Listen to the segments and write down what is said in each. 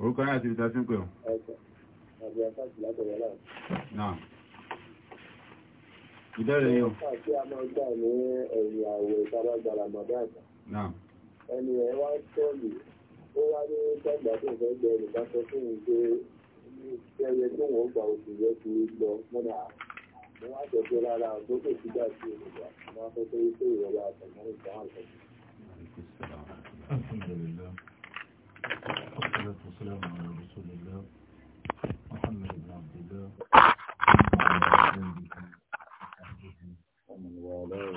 orúkọ yára ti ìtàṣí ń pè ìbẹ̀rẹ̀ yóò ẹni ẹ̀ wá tọ́lù ní tọ́gbà tó fẹ́ jẹ́ ẹnìkan sọ fún un pé ẹyẹ tó wọ́n gbà oṣù yẹ ti tó kò sí sí ìrìnà mo wá fẹ́ pé pé ìrọ̀lá àtàmọ́ ìtàn àlọ́ والصلاة والسلام على رسول الله محمد بن عبد الله ومن والاه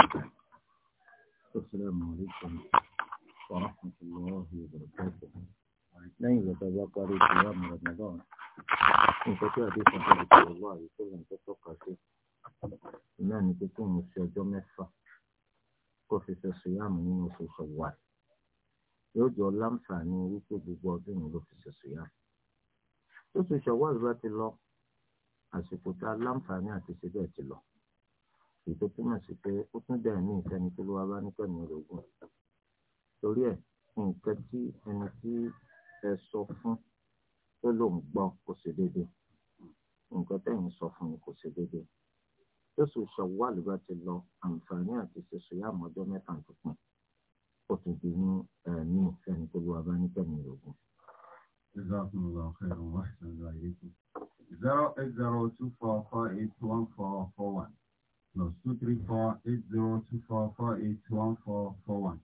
السلام عليكم ورحمة الله وبركاته lẹ́yìn ìgbà tá a bá parí ìṣòro àmọ̀ràn nǹkan tí àdéhùn tó lè sọ̀rọ̀ wà àyíkó lè tó tọ́ka sí ìnáà ní pé kí òun ṣe ọjọ́ mẹ́fà kó fi ṣe ṣùyàmù nínú oṣù ṣọ̀wáì yóò jọ láǹfààní wípé gbogbo ọdún yìí ló fi ṣoṣo yá. tó ti ṣọwọ́ ìrora ti lọ àsìkò tá a láǹfààní àti ṣe bẹ́ẹ̀ ti lọ. ètò túmọ̀ sí pé ó tún dà ní ìkànnì tó ló wá bá níkànnì ológun. torí ẹ̀ nǹkan tí ẹni tí ẹ sọ fún tó ló ń gbọ́ kò ṣe déédéé nǹkan tẹ̀yìn sọ fún mi kò ṣe déédéé. tó sì ṣọwọ́ ìrora ti lọ àǹfààní àti ṣoṣo yá àmọ́jọ́ mẹ́ta tó pin ó tún di ní ẹ̀mí ìfẹ́ni tó lọ́wọ́ bá ní tẹ̀mí ìrògùn. zero eight zero two four four eight one four four one plus two three four eight zero two four four eight one four four one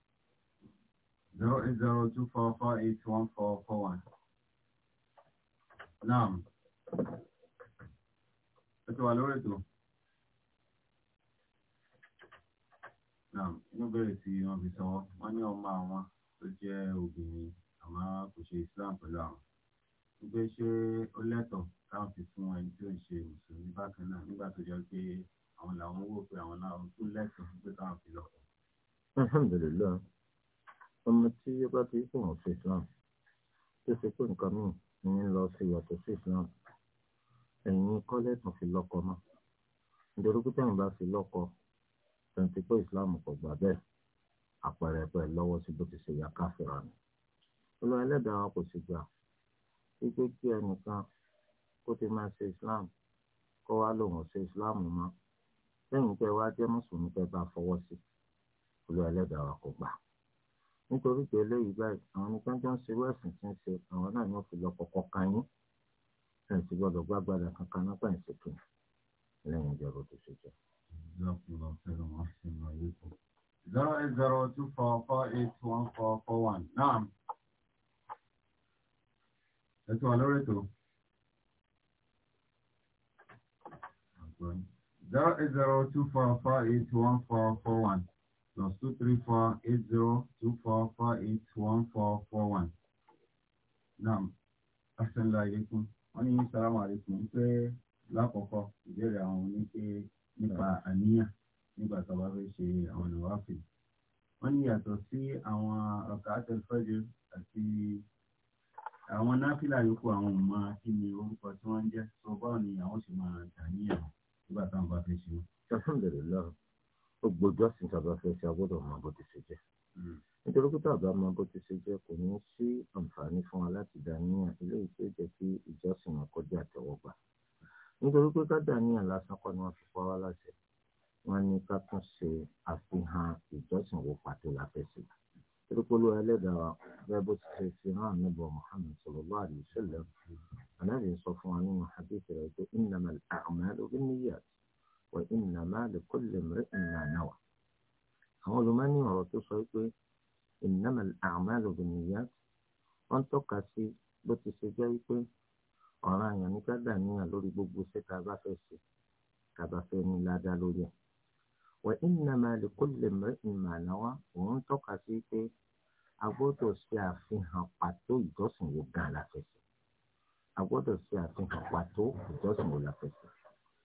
zero eight zero two four four eight one four four one. Naam. Ẹ ti wà lórí ètò. inú bẹ̀rẹ̀ tí wọ́n fi sọ wọ́n ní ọmọ àwọn tó jẹ́ obìnrin àmọ́ kò ṣe Islam pẹ̀lú àwọn wípé ṣé ó lẹ́tọ̀ọ́ káwọn fi fún ẹni tí ó ń ṣe mùsùlùmí bákan náà nígbà tó jẹ́ pé àwọn làwọn wò pé àwọn náà tó lẹ́tọ̀ọ́ pé káwọn fi lọ. alhamdulillah ọmọ tí ó bá ti kó hàn sí Islam tó ṣe pé nǹkan míì ní lọ sí yàtọ̀ sí Islam ẹ̀yin kọ́lẹ́tàn fi lọ́kọ náà nítorí pé táwọn bá fi lọ́kọ tẹ̀ǹtì pé islam kò gbà bẹ́ẹ̀ àpẹẹrẹ pẹ̀ lọ́wọ́ sí bó ti ṣe ya káfíra ni. olùwà ẹlẹ́dàá wa kò sì gbà wípé kí ẹnìkan kó ti máa ṣe islam kó wá lòun ṣe islam mọ́ lẹ́yìn pé wá jẹ́ mùsùlùmí pé bá fọwọ́ sí olùwà ẹlẹ́dàá wa kò gbà. nítorí pé eléyìí báyìí àwọn nìkan jọ ń ṣe wẹ́ẹ̀sì tí ń ṣe àwọn náà yóò fi lọ kọ̀kọ́ kan yín ẹ̀ gbọ́dọ̀ gbàgbàdà kankan náà pàǹsì kìnnì lẹ́yìn ìjọba tó ṣe jẹ́ zero eight zero two four four eight one four four one naam ẹ tún wà lórí ètò zero eight zero two four four eight one four four one plus two three four eight zero two four four eight one four four one naam asanla aleykum wọn ní salamu aleykum pé lákòókò ìbéèrè àwọn oníṣẹ́ nípa àníyàn nígbà tó bá fẹ́ ṣe àwọn ìwáfì wọ́n ní yàtọ̀ sí àwọn ọ̀kà àtẹ̀fẹ́jọ àti àwọn náfìlà yòókù àwọn ọmọ kí ni orúkọ tí wọ́n ń jẹ́ tó báwọn ni àwọn sì máa dàníyàn nígbà táwọn bá fẹ́ ṣe wọn. alhamdulilayi ó gbọ́dọ̀ sí tàbá fẹ́ ṣe agbọ́dọ̀ máa bó ti ṣe jẹ́ hmm. nítorí pé tàbá máa bó ti ṣe jẹ́ kò ní sí àǹfààní fún wa láti dàníyàn eléyìí tó jẹ́ kí ìjọsìn ọkọjá àtẹwọ́gbà nítorí pé ká dàníyàn lásán kọ́ ni wọ́n fi pa wá láṣẹ wọ́n ní ká tún ṣe àfihàn ìjọsìn wo pàtó láfẹsẹ torípolówó ẹlẹgàá bẹ́ẹ̀ bó ti ṣe fi hàn níbọ Muhammad sallallahu alaihi wasallam anábì sọ fún wa nínú hadith rẹ̀ pé innamal a'malu binniyat wa innama likulli imri'in ma nawa àwọn olùmọ́ni ọ̀rọ̀ tó sọ pé innamal a'malu binniyat wọ́n tọ́ka sí bó ti ṣe jẹ́ wípé ọ̀ràn àyàn ní ká dàníyàn lórí gbogbo iṣẹ́ tá a bá fẹ́ ṣe tá a bá fẹ́ ní ládàá lórí ẹ̀. wà innama likulli imri'in ma nawa òun tọ́ka sí pé a gbọ́dọ̀ ṣe àfihàn pàtó ìjọsìn wo gan la fẹ́ ṣe a gbọ́dọ̀ ṣe àfihàn pàtó ìjọsìn wo la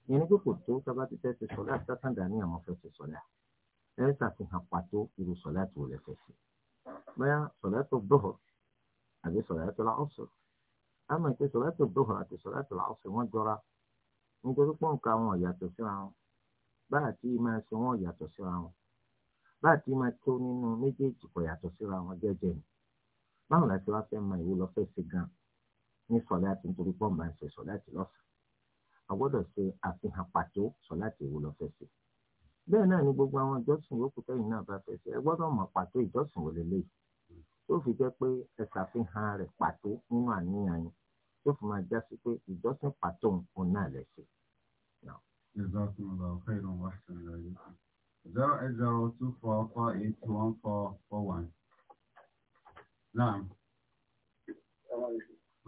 ìyẹn ní pípò tó tábà ti fẹ́ ṣe sọ́lá sákàn dàníyàn mo fẹ́ ṣe sọ́lá ẹ ṣàfihàn pàtó irú sọ́lá tó lẹ fẹ́ ṣe. bóyá sọ́lá tó bọ̀ àbí sọ́lá tó lọ́sọ̀rọ̀ a mọ̀ pé sọ̀rọ̀tò dóhùn àti sọ̀rọ̀tò làásù wọ́n jọra nítorí pọ́n ka wọn yàtọ̀ síra wọn báà tí máa ṣe wọn yàtọ̀ síra wọn báà tí máa tó nínú méjèèjì kò yàtọ̀ síra wọn jẹ́jẹ́ ni báwọn láti wá fẹ́ mọ ìwé lọ́fẹ́ sí gan ní sọ̀lá àti nítorí pọ́n máa ń ṣe sọ̀lá àti lọ́sàn a gbọ́dọ̀ ṣe àfihàn pàtó sọ̀lá àti ìwé lọ́fẹ́ sí bẹ́ẹ̀ náà ni gbogbo àwọn ìjọsìn yòókù tẹ́yìn náà bá fẹ́ ṣe ẹ gbọ́dọ̀ mọ̀ pàtó ìjọsìn wò lélẹ́yìí tó fi jẹ́ pé ẹ ṣàfihàn rẹ̀ pàtó nínú àníyàn yín tó fi máa já sí pé ìjọsìn pàtó nǹkan náà lẹ́sìn. zero eight zero two four four eight one four four one. Naam.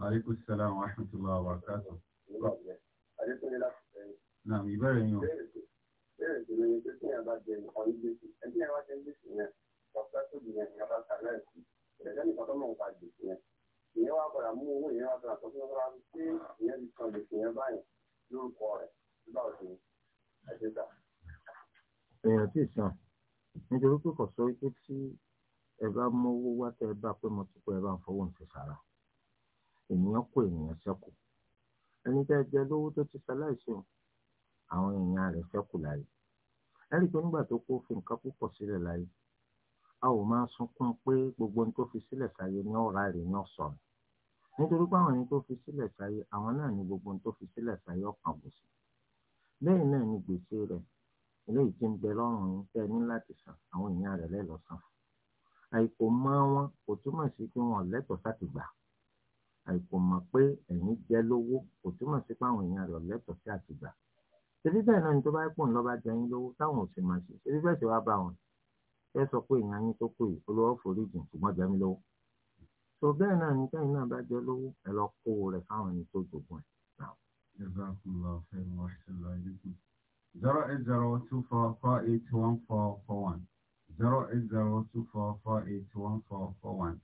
Aleykum salaam wa rahmatullahi wa barakatuh. Naam, ìbéèrè yín o. Béèrè tó lóye pé kí ni àbá jẹ ní gbèsè. mọ̀ nípa gbèsè yẹn ìyẹn wá padà mú owó ìyẹn wá padà tọ́jú lọ́wọ́ láti pé ìyẹn ti san gbèsè yẹn báyìí lórúkọ rẹ̀ nígbà òsì àjẹsà. èèyàn tí ì san nítorí pé kò sọ wípé tí ẹ bá mú owó wá tẹ ẹ bá pé mo ti kó ẹ bá ń fowó ń ṣe sára ènìyàn kó ènìyàn ṣẹ́kù ẹni tẹ́ jẹ lówó tó ti ṣaláìsí àwọn èèyàn rẹ̀ ṣẹ́kù láyé ẹ rí i pé nígbà tó kó fi nǹkan púpọ̀ sílẹ̀ láyé a ò máa sunkún pé gbogbo ohun tó fi sílẹ̀ sáyé ní ọ̀rá rẹ̀ ní ọ̀sán nítorí pé àwọn ẹni tó fi sílẹ̀ sáyé àwọn náà ni gbogbo ohun tó fi sílẹ̀ sáyé ọ̀kan bù sí bẹ́ẹ̀ náà ni gbèsè rẹ̀ eléyìí ti ń bẹ lọ́rùn yín tẹ́ ní láti san àwọn èèyàn rẹ̀ lẹ́lọ́ san àìkò mọ wọn kò túmọ̀ sí pé wọn lẹ́tọ̀ọ́ sáti gbà àìkò mọ̀ pé ẹ̀yin jẹ́ lówó kò túmọ̀ sí pé àwọn èèyàn rẹ̀ lẹ́tọ̀ọ́ sí àti gbà ṣebí bẹ́ẹ̀ náà ni tó bá pọ̀ ń lọ́ba jẹ yín lówó táwọn ò sì máa ṣe ṣebí bẹ́ẹ̀ ṣe wá bá wọn ẹ sọ pé èèyàn yín tó kù yìí olówó foríjì ṣùgbọ́n jẹ mí lówó tó bẹ́ẹ̀ náà ní káyìn náà bá jẹ lówó ẹ lọ kó rẹ̀ fáwọn ẹni tó jogún ẹ̀. zero eight zero two four four eight one four four one zero eight zero two four four eight one four four one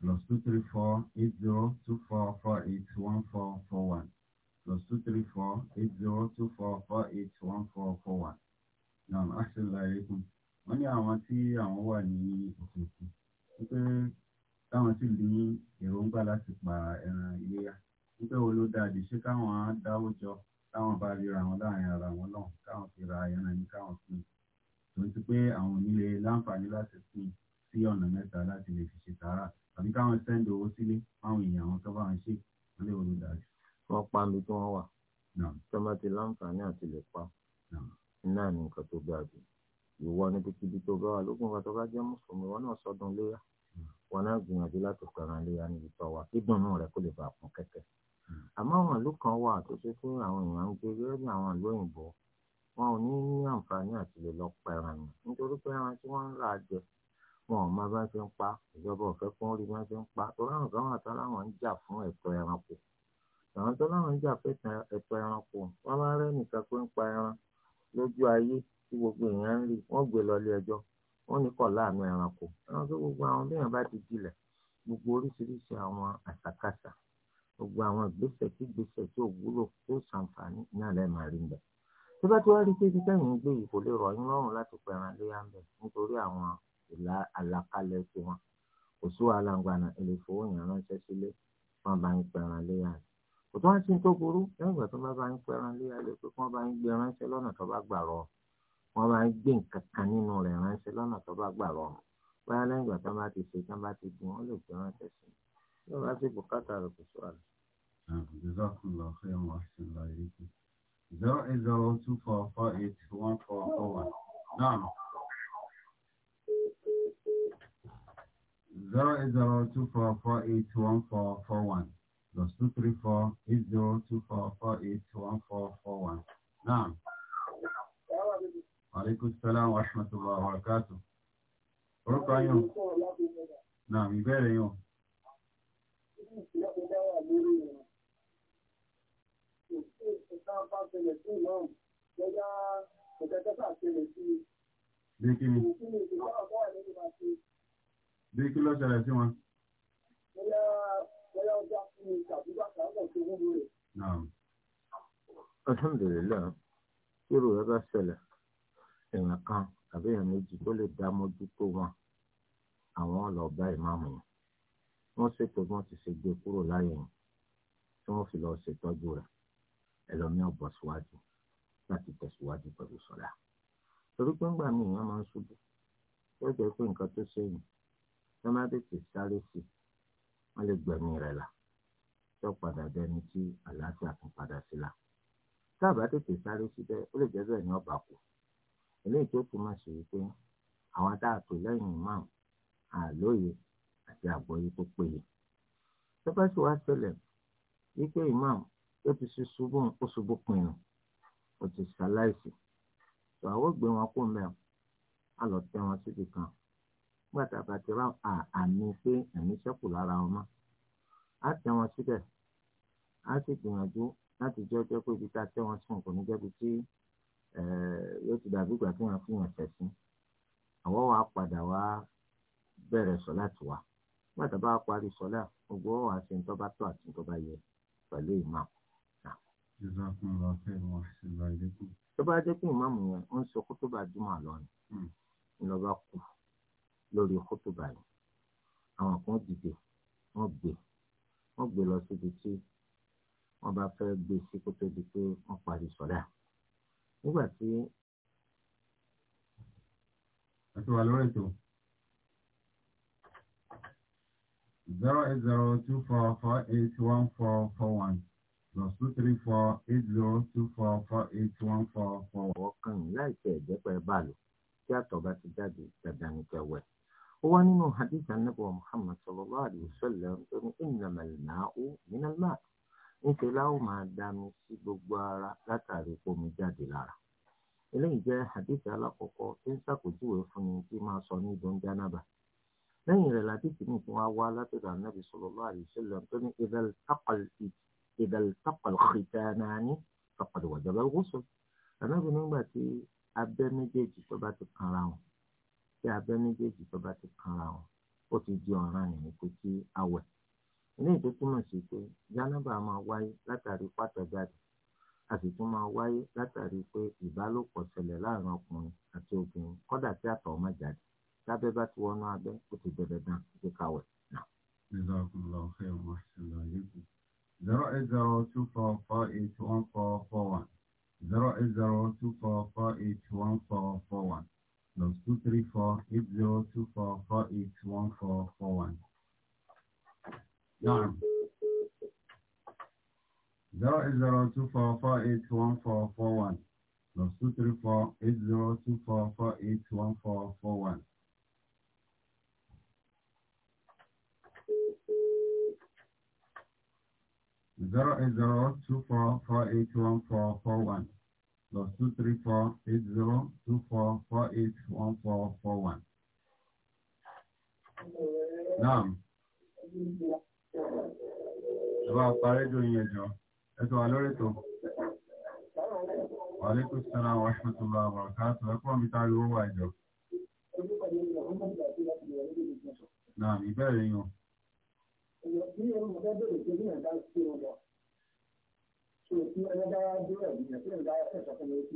plus two three four eight zero two four four eight one four four one plus two three four eight zero two four four eight one four four one. naam asalaamualeykum wọ́n ní àwọn tí àwọn wà ní òkè òkun wípé táwọn sì ní èròǹgbà láti pa ẹran iléyà wípé wo ló dáa dìṣe káwọn á dáwó jọ táwọn bá ríra wọn láàrin ara wọn náà káwọn fi ra ẹran ní káwọn fún un tòun ti pé àwọn onílé láǹfààní láti fún un sí ọ̀nà mẹ́ta láti lè fi ṣe tààrà tàbí káwọn sẹ́ńdì owó sílé fáwọn èèyàn àwọn tó bá ń ṣe wọ́n lè wo ló dáa jù. wọ́n pa mi tí wọ́n wà tọ́mọ ti láǹfààní àti lè pa náà ní nǹkan tó gbà jù ìwọ níbikíbi tó bá wà lókun ìgbà tó bá jẹ́ mùsùlùmí wọn náà sọdún léyà wọn náà gbìyànjú láti pẹ̀ràn léyà níbi tó wà kí dùnnú rẹ kó lè bàa pọn kẹ́kẹ́. àmọ́ àwọn ìlú kan wà tó ṣe fún àwọn èèyàn ń gbé gẹ́gẹ́ bí àwọn ìlú òyìnbó wọn ò ní ní àǹfààní àti lè lọ pẹ̀ràn yẹn nítorí pé ẹran tí wọ́n ń rà jẹ wọn ò máa bá ṣe ń pa ìjọba ọ̀fẹ́ fún orí bá ṣe ń pa torí àwọn kan wà tó láwọn ń jà fún ẹ̀tọ́ ẹranko àwọn tó láwọn ń jà fún ẹ̀tọ́ ẹranko wọn bá rẹ́ nìkan pé ń pa ẹran lójú ayé tí gbogbo èèyàn ń rí wọ́n gbé lọ ilé ẹjọ́ wọ́n ní kọ̀ láàánú ẹranko ẹranko gbogbo àwọn bí èèyàn bá ti dilẹ̀ gbogbo oríṣiríṣi àwọn àṣàkáṣà gbogbo àwọn ìgbésẹ̀ tí ìgbésẹ̀ tí ò wúlò tí ó ṣàǹfààní náà lẹ́ẹ̀ma rí ń bẹ̀. tó bá ti wá rí pé ibi tẹ́yìn ń gbé yìí kò lè rọ̀ yín lọ́rùn láti pẹran léyà ń bẹ̀ nítorí àwọn ìlà àlàkalẹ̀ ti wọn kò sí wàhálà ń gbaná ilé ìfowó yẹn ránṣẹ́ sílé wọn bá ń pẹran léyà rẹ̀. kò tó wá sí tó burú lẹ́yìn ìgbà tó bá bá ń pẹran léyà rẹ̀ pé wọ́n bá ń gbé ránṣẹ́ lọ́nà tó bá gbà rọ̀ wọ́n máa ń gbé nǹkan kan nínú rẹ̀ ránṣẹ́ lọ́nà tó bá gbà rọrùn báyà lẹ́yìn ìgbà tó bá ti ṣe tó bá ti dín wọ́n lè gbé ránṣẹ́ sí i yóò bá sì bùkátà rẹ̀ kò sọ àlọ́. zero eight zero two four four eight one four four one naam zero eight zero two four four eight one four four one plus two three four eight zero two four four eight one four four one naam. Aleykum salaam wa rahmatullahi wa barakatuh. Orúkọ yóò. Náà mi bẹ̀rẹ̀ yóò. Bí kí ni? Bí kí ló ṣẹlẹ̀ sí wọn? Alhamdulillah, kí ló rẹ̀ bá ṣẹlẹ̀ èèyàn kan àbí èèyàn méjì tó lè dá mójútó wọn àwọn lọ bá ìmáàmù yẹn wọ́n ṣètò bí wọ́n ti ṣe gbé kúrò láyé yẹn tí wọ́n fi lọ ṣètọ́jú rẹ̀ ẹlòmíràn bọ̀ síwájú láti tẹ̀síwájú pẹ̀lú sọ̀rọ̀ torí pé ńgbà míì wọ́n máa ń ṣubú ó jẹ́ pé nǹkan tó ṣe yìí tó má tètè sáré sí wọ́n lè gbẹ̀mí rẹ̀ là tó padà dẹni tí àlàáfíà tún padà sí la tá a bá tètè sáré sí bẹ́ẹ̀ ó lè jẹ́ bẹ́ẹ̀ ni ọba kù eléyìí tó kù máa ṣe wípé àwọn tá lẹ́yìn imam àlóye àti àgbọ́yé tó péye tó bá wá ṣẹlẹ̀ wípé imam ó ti ṣe ṣubú ó ṣubú pinnu ó ti ṣaláìsì tó àwọn ògbé wọn kú mẹ́rin á lọ tẹ́ wọn síbi kan gbàtà bàtì rà àmì pé ẹ̀mí ṣẹ́kù lára wọn mọ́ á tẹ́ wọn síbẹ̀ á sì gbìyànjú láti jẹ́ ọjọ́ pé ibi tá a tẹ́ wọn sùn kò ní jẹ́ ibi yóò ti dàbí ìgbà tí wọ́n fi hàn sẹ́sìn àwọn wa padà wá bẹ̀rẹ̀ sọ́lá tù wá gbàtà bá parí sọ́lá gbogbo wọn wá sí ní tó bá tó àti ní tó bá yẹ pẹ̀lú ìmáàmù. tó bá jẹ́ pé ìmáàmù yẹn ń sọ kótóbà jùmọ̀ lọ ni ńlọba hmm. kù lórí kótóbà yìí àwọn kan dìde wọ́n gbé wọ́n gbé lọ síbi tí wọ́n bá fẹ́ gbé sí kótó di pé wọ́n parí sọ́lá nígbà tí. àti wà lórí ètò zero eight zero two four four eight one four four one plus two three four eight zero two four four eight one four four. ọkàn láìpẹ́ ìjẹ́pẹ́ bá lò kí àtọ̀ bá ti jáde dandan ní kẹwẹ́. ó wá nínú hadith anabi muhammad sallallahu alayhi wa sallam tó ní innamal ma'u minal ma' nítorí a ó máa dami sí gbogbo ara látàrí omi jáde lára. eléyìí jẹ́ hadith alákọ̀ọ́kọ́ tí ń ṣàpèjúwe fún ni tí máa sọ ní ìdún jánábà. lẹ́yìn rẹ̀ làdìsí mi fún wa wá látọ̀dọ̀ anábì sallallahu alaihi wasallam tó ní ìdàlítàpàl khitanani faqad wajaba al-ghusl. anábì nígbà tí abẹ́ méjèèjì tó bá ti kanra wọn tí abẹ́ méjèèjì tó bá ti kanra wọn ó ti di ọ̀ràn ìrìn eléyìí tó túmọ̀ sí pé jánábà máa wáyé látàrí pàtàjáde a sì tún máa wáyé látàrí pé ìbálòpọ̀ ṣẹlẹ̀ láàrin ọkùnrin àti obìnrin kọ́dà tí àtọ̀ ọmọ jáde lábẹ́ bá ti wọnú abẹ́ ó ti dẹ̀dẹ̀ dán ti kàwẹ̀ náà. jazakumullahu khairan wa sallallahu alaykum zero eight zero two four four eight one four four one zero eight zero two four four eight one four four one plus two three four eight zero two four four eight one four four one. نعم Zero eight zero two four four eight one four four one. Zero 2348024481441 zero eight zero two four four eight one four four one plus two three four eight zero two four four eight one four four one. Now. Ìwà àpárẹ́jọ yẹn jọ, ẹ̀tọ́ wà lórí ètò. Wa alaikum salaam wa rahmatullahi wa barakatuh. Ẹ̀kọ́ mi tàbí owó àjọ. Náà ìbẹ̀rẹ̀ yàn. Ní ẹ̀rọ mọ̀ bẹ́ẹ̀ bá dúró ẹ̀mí ẹ̀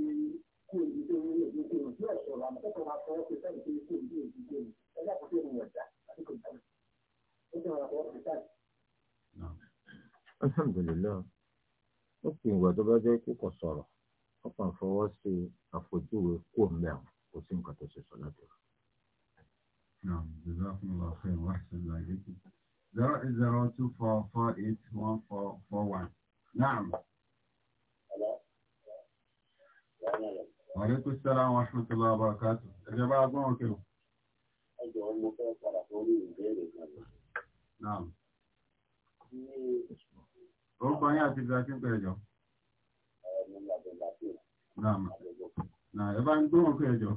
mi sí kú èyí tó ní èyí tó ní ọ̀ṣọ́ alhamdulilayi ó fi ìgbà tó bá jẹ́ kíkọ sọ̀rọ̀ ó kàn fọwọ́ sí àfojúwe kú ọ̀mẹ́ àwọn kò sí nǹkan tó ṣe sọ láti rẹ̀. jazakumullahu khairan wa ahsana ilaykum zero eight zero two four four naam. Àlékún sára àwọn aṣọ́tọ́lá àbárakátù. Ẹjẹ́ bá gbọ́n òkèrò. Ẹjọ́ mo fẹ́ padà sórí ìbéèrè kan. Orúkọ yín àti ìgbà tí ń pẹ̀lẹ̀ jọ. Nàmà. Nà ẹ bá ń gbóhùn pé ẹjọ́.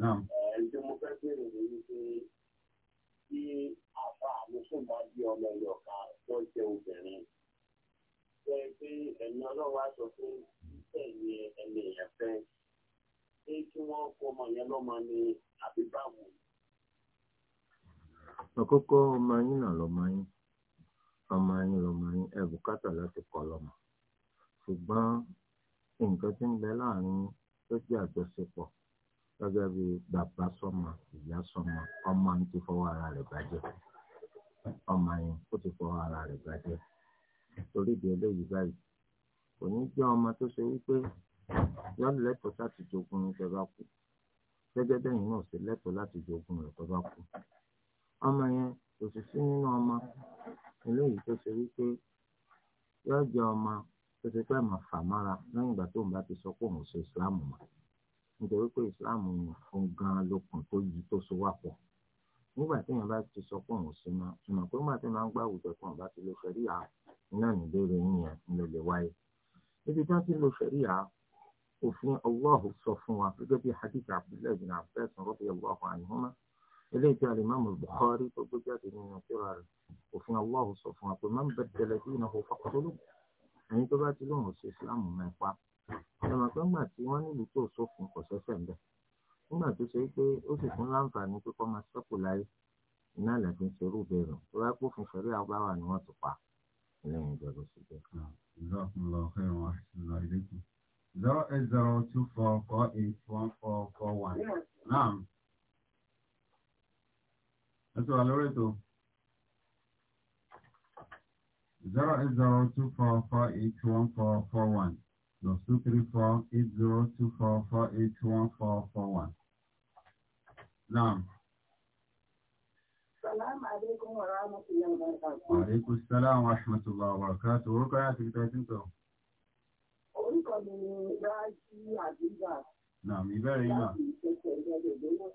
Nàmà. Ẹ̀jẹ̀ mo fẹ́ bèèrè ní wípé tí àfa àmúṣùn bá bí ọmọ ẹ̀yọ̀ ká tó jẹ́ obìnrin. Ṣé pé ẹ̀yin ọlọ́wà sọ fún ẹ̀yin ẹni èèyàn fẹ́? Ṣé kí wọ́n kó ọmọ yẹn lọ́mọ ní àbí báwo? Àkọ́kọ́ ọmọ yín náà lọ́mọ yín ọmọ yín lọmọ yín ẹ bùkátà láti kọ́ lọ́mọ ṣùgbọ́n nǹkan tí ń bẹ láàrin tó jẹ́ àjọṣepọ̀ gẹ́gẹ́ bí bàbá sọ́mọ ìyá sọ́mọ ọmọ yín ti fọwọ́ ara rẹ̀ bàjẹ́ ọmọ yín ó ti fọwọ́ ara rẹ̀ bàjẹ́ torí ìdí eléyìí báyìí kò ní jẹ́ ọmọ tó ṣe wípé yọ́n lẹ́tọ̀ọ́ láti jogun rẹ̀ tó bá kú gẹ́gẹ́ bẹ́yìn náà ṣe lẹ́tọ̀ọ́ láti jogun rẹ̀ tó bá kú ọmọ yẹn kò sì sí nínú ọmọ eléyìí tó ṣe wípé yóò jẹ ọmọ tó ṣe pé àmọ̀ fàmọ́ra lẹ́yìn ìgbà tó ń bá ti sọ pé òun ṣe ìsìláàmù mọ́ nítorí pé ìsìláàmù fún gan lókun tó yí tó so wà pọ̀ nígbà tí èèyàn bá ti sọ pé òun ṣe mọ́ ìmọ̀ pé nígbà tí èèyàn ń gbà àwùjọ tó ń bá ti lo ṣẹ̀ríà náà níbèrè yìnyẹn ló lè wáyé ibi tí wọ́n ti lo ṣẹ̀ríà òfin ọlọ́hùn sọ fún wa gẹ́gẹ́ bí hadith abdullahi bin abdullahi sọ̀rọ̀ bí ọlọ́hùn àyùmọ́ eléyìí tí al-Imam Bukhari tó gbé jáde nínú ìṣúra rẹ̀ òfin Allahu sọ fún wa pé man baddala dīnahu faqtuluhu ẹ̀yin tó bá ti lóun ṣe Islam mẹ́pa ẹ̀rọ pé ńgbà tí wọ́n nílùú tó sófin kò ṣẹ̀ṣẹ̀ ń bẹ̀ nígbà tó ṣe pé ó sì fún láǹfààní pé kọ́ máa ṣẹ́kù láyé iná ìlàjì ń ṣerú ìbéèrè tó bá pófin ṣẹ̀rí àgbáwà ni wọ́n ti pa lẹ́yìn ìjọba sí bẹ́ẹ̀. zero eight zero two four four eight one four four one. Ẹ̀sùn wà lórí ètò. Zero eight zero two four four eight one four four one plus two three four eight zero two four four eight one four four one. Naam. Salaamu alaikum wa rahmatullahi wa barakatuh. Wa alaikum salaam wa rahmatullahi wa barakatuh. Orúkọ yà ti fi tẹ́tí tọ̀. Orúkọ mi ni Rájí Àdúgbà. Naam, ìbéèrè yìí náà.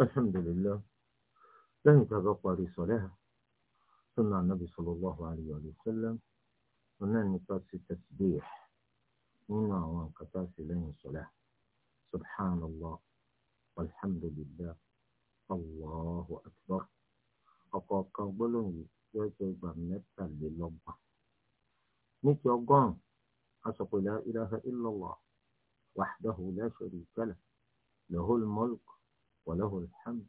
الحمد لله لن يتبقى لي صلاة سنة النبي صلى الله عليه وسلم ونحن نقاس التسبيح هنا وانقطاع لين صلاة سبحان الله والحمد لله Allahu Akbar ọ̀kọ̀ọ̀kan gbólóhùn yóò jẹ́ ìgbà mẹ́tàlélọ́gbọ̀n ní ti ọgọ́rùn-ún a sọ pé la ilaha illallah wahdahu la sharika lah lahul mulk wa lahul hamd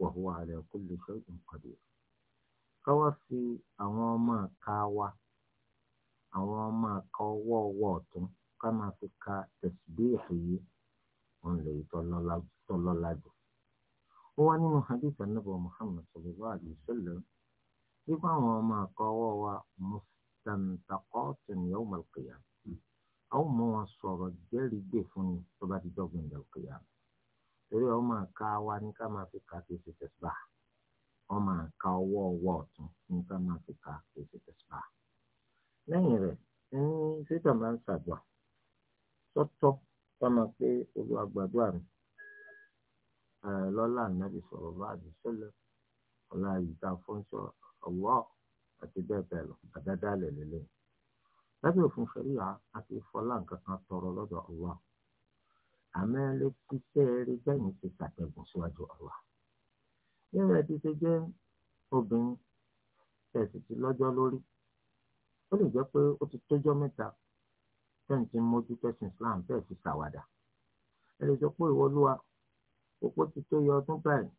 wa huwa ala kulli shay'in qadir káwá fi àwọn ọmọ ká wa àwọn ọmọ ká ọwọ́ ọ̀tún ká máa fi ka tẹ̀síbíyì yìí òun lè tọ́lọ́lá jù wọ́n nínú hadith anabi muhammad sallallahu alayhi wa sallam wípé àwọn ọmọ àkọ́wọ́ wa mustantaqatun yawm al-qiyamah àwọn ọmọ wọn sọ̀rọ̀ jẹ́rìí gbè fún ni tó bá ti dọ́gbìn al-qiyamah torí ọmọ àka wa ní ká máa fi ka kí ṣe tẹ̀síbà ọmọ àka ọwọ́ ọwọ́ ọ̀tún ní ká máa fi ka kí tẹ̀síbà. lẹ́yìn rẹ̀ ẹni sítà máa ń ṣàdùà sọ́tọ́ sọ́mọ pé olùwàgbàdùà mi lọ́lá nàbì sọ̀rọ̀ bá àdìsẹ́lẹ̀ ọ̀la ìta fọ́nṣọ́ ọ̀wọ́ àti bẹ́ẹ̀ bẹ́ẹ̀ lọ àdáda lẹ̀ lélẹ̀. lábẹ́ òfin ṣẹlẹ̀ a ti fọlá nǹkan kan tọrọ lọ́dọ̀ ọ̀wọ́ àmẹ́lẹ́ títẹ́ rí bẹ́yìn ti ṣàtẹ̀gùn síwájú ọ̀wọ́. yẹ́rẹ́ ti ṣe jẹ́ obìnrin tẹ̀sí ti lọ́jọ́ lórí ó lè jẹ́ pé ó ti tójọ́ mẹ́ta tẹ́ǹtì mójútó ẹ̀sìn Islam tẹ́ẹ̀ fi ṣàwàdà ẹ lè sọ pé ìwọ òpó ti tó yọ ọdún báyìí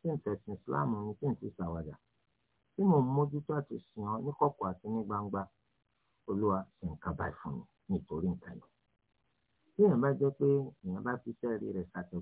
tí n tẹ̀sìn Islam mi tí n ti ṣàwàdà tí mò ń mójútó àti sìn ọ́ ní kọ̀kọ̀ àti ní gbangba olúwa sì ń kábàá fún mi nítorí nǹkan yìí. tí èèyàn bá jẹ́ pé èèyàn bá fi iṣẹ́ rẹ̀ ṣàtẹ̀gùn